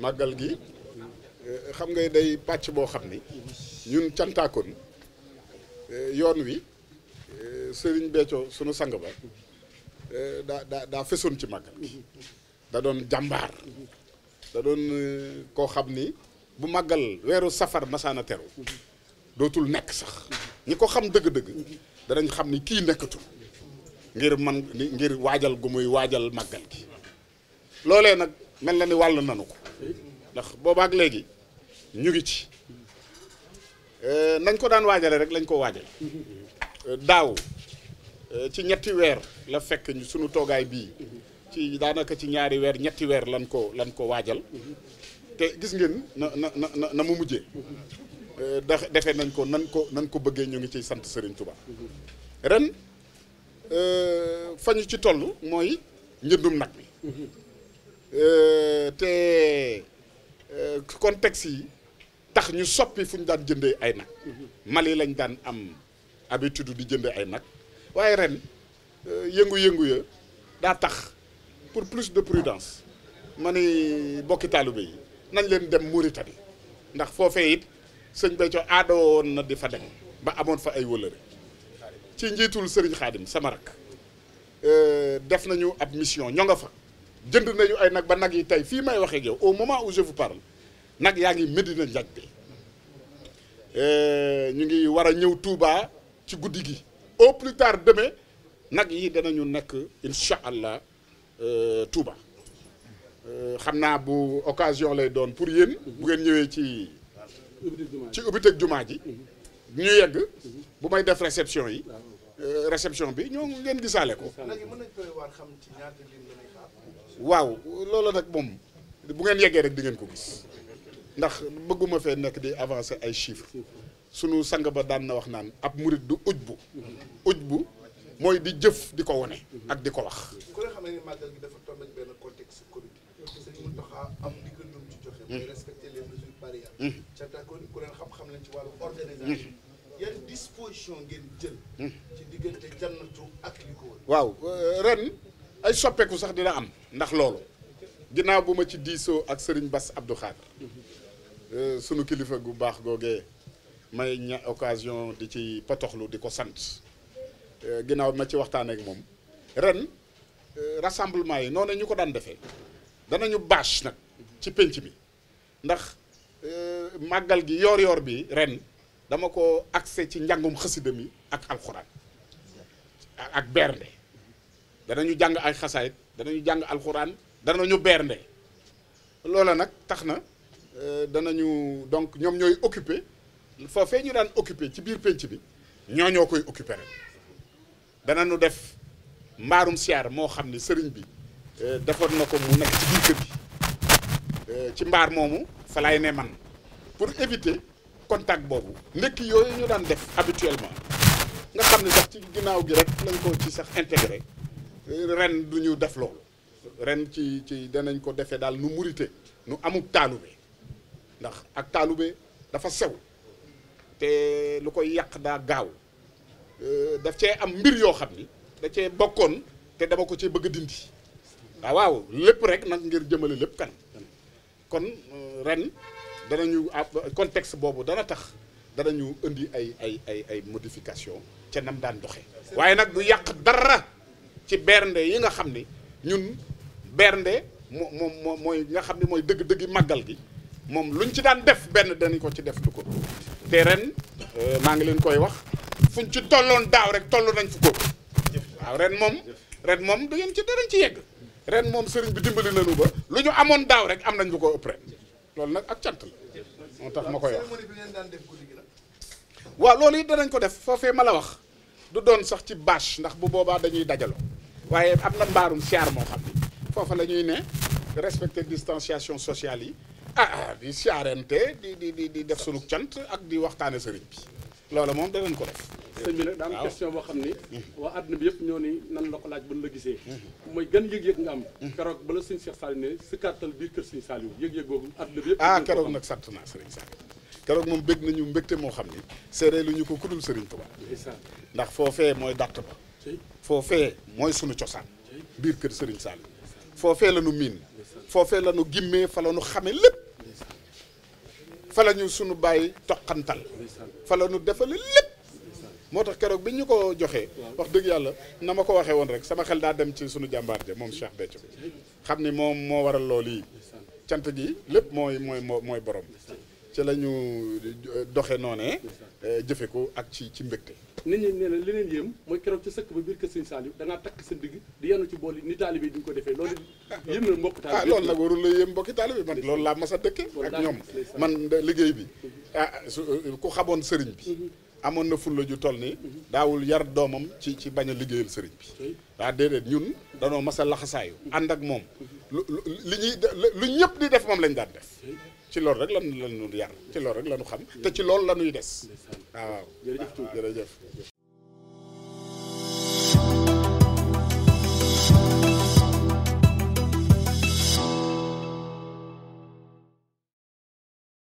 màggal gi euh, xam nga day pàcc boo xam ni ñun cantaakoon euh, yoon wi euh, sëriñ Béthio sunu sang ba daa daa daa fesoon ci màggal da doon jàmbaar da doon koo xam ni bu màggal weeru safar masaana teru dootul nekk sax ñi ko xam dëgg-dëgg danañ xam ni kii nekkatul ngir man ngir waajal gu muy waajal màggal gi loole nag mel na ni wàll nanu ko ndax boobaak léegi ñu ngi ci euh, nañ ko daan waajale rek lañ ko waajal euh, daaw euh, ci ñetti weer la fekk suñu toogaay bii ci daanaka ci ñaari weer ñetti weer lan ko lan ko waajal te gis ngeen na na na na mu mujjee dax defee nañ ko nan ko nan ko bëggee ñu ngi ciy sant sëriñ Touba ren fa ci toll mooy njëndum nag bi te contexte yi tax ñu soppi fu ñu daan jëndee ay nag Mali lañ daan am habitude di jëndee ay nag waaye ren euh, yëngu-yëngu ya daa tax pour plus de prudence ma ni bokki taalibe yi nañ leen dem Mauritanie ndax foofee it sëñ Béthio aado woon na di fa dem ba amoon fa ay wëlëre ci njiitul sëriñ Xaadim sama rak euh, def nañu ab mission ñoo nga fa jënd nañu ay nag ba nag yi tey fii may waxee ak yow au moment où je vous parle nag yaa ngi Medina Ndiack bi euh, ñu ngi war a ñëw Touba ci guddi gi au plus tard demain nag yi danañu nekk incha allah euh, Touba euh, xam naa bu occasion lay doon pour yéen bu ngeen ñëwee ci ci ubbiteg jumaa ji ñu yegg bu may def réception yi réception bi ñoo ngeen gisaale ko waaw loolu nag moom bu ngeen yeggee rek di ngeen ko gis ndax bëgguma fee nekk di avancer ay chiffres sunu sang ba daan na wax naan ab murit du uj bu uj bu mooy di jëf di ko wone ak di ko wax ku xam ne ni màggal gi dafa toll ak benn contexte Covid sëñ Mountakha am ndigal lu mu ci joxe hmm. mooy respecter les mesures barrières hmm. ca d'accord ku leen xam-xam nañ ci wàllu organisation hmm. yan disposition ngeen jël ci diggante jannatu ak li ko wër waaw euh, ren ay soppeeku sax dina am ndax loolu ginnaaw bu ma ci diisoo ak Serigne bas Abdou Khadre Euh, sunu kilifa gu baax googee may ña occasion di ci potoxlu di ko sant euh, ginnaaw ma ci waxtaan ak moom ren euh, rassemblement yi noonu ñu ko daan defee danañu bâche nag ci pénc bi ndax màggal gi yoor-yoor bi ren dama ko accès ci njàngum xasida mi ak alxuraan ak bernde danañu jàng ay xasaayit danañu jàng alxuraan ñu bernde loola nag tax na. Euh, danañu donc ñoom ñooy occuper foofee ñu daan occuper ci biir pénc bi ñoo ñoo koy occuper rek danañu def mbaarum siyaar moo xam ni sëriñ bi euh, defoon na ko mu nekk ci biir kër gi euh, ci mbaar moomu fa ne man pour éviter contact boobu ndekki yooyu ñu daan def habituellement nga xam ne sax ci ginnaaw gi rek lañ ko ci sax intégré ren du ñu def loolu ren ci ci danañ ko defee daal nu murite nu amuk taalu ndax ak taalube dafa sew te lu koy yàq daa gaaw euh, daf cee am mbir yoo xam ni da cee bokkoon te dama ko cee bëgg a dindi ah, waaw lépp rek nag ngir jëmale lépp kan kon euh, ren dana danañu ah, contexte boobu dana tax danañu indi ay ay ay ay modification ca nam daan doxee waaye nag du yàq dara ci bernde yi nga xam ni ñun bernde moo moom mooy nga xam ni mooy dëgg-dëggi màggal gi moom lu luñ ci daan def benn danañ ko ci def lu ko te ren euh, maa ngi leen koy wax fuñ ci tolloon daaw rek toll nañ fu ko waaw ren moom ren moom du ngeen ci ci yegg ren moom sëriñ bi dimbali nañu ba lu ñu amoon daaw rek am nañ lu ko ëpp loolu nag ak cant la moo tax ma koy wax waaw loolu it danañ ko def foofee ma la wax du doon sax ci bâche ndax bu boobaa dañuy dajaloo waaye am na mbaarum siyaar moo xam ni foofa la ñuy ne respecter distanciation sociale yi ah di siyaarente di di di di def sunu cant ak di waxtaane sëriñ moom danañ ko def. bi nag daa am question boo xam ni. Mhm. waa àdduna bi yëpp ñoo nan la ko laaj ban la gisee. Mhm. mooy gan yëg-yëg am. Mhm. keroog bala sëñ Cheikh Saliou si kàttal biir kër sëñ Saliou yëg-yëg boobu àdduna bi yëpp. ah keroog nag sant naa sëriñ Saliou keroog moom bég nañu mbégte moo xam ni séeréer lu ñu ko kudul sëriñ Tuubaa ndax foofee mooy dàtt ba. foofee mooy sunu cosaan biir kër sëriñ Saliou foofee la nu miin foofee la nu gimmee fa la nu xame lépp fa la ñu sunu bàyyi toqantal fa la nu defale lépp moo tax keroog bi ñu ko joxee wax dëgg yàlla na ma ko waxee woon rek sama xel daa dem ci sunu jàmbaar ja moom Cheikh Béthio xam ni moom moo waral lool yi cant ji lépp mooy mooy mooy borom ci la ñu eh, doxe noonee eh, jëfe ko ak ci ci mbégte nit nee li leen yéem mooy keroog ci sëkk ba biir kër sëñ Saliou takk sa digg di yenu ci bool yi ni taalibe yi duñ ko defee loolu yéem na mbokk taalibe ah loolu nag warul la yéem mbokki taalibe man loolu laa mas a dëkke ak ñoom man liggéey bi ah su euh, ku xamoon sëriñ bi mhm. amoon na fulla ju toll nii mhm. daawul yar doomam ci ci bañ a liggéeyal sëriñ bi waa ah, déedéet ñun danoo mas laxasaayu mhm. ànd ak moom lu li ñuy lu ñëpp di def moom lañ daan def ci loolu rek lan lanu yar ci lool rek lañu xam te ci loolu lañuy des Ah, waaw jërëjëf tuuti jërëjëf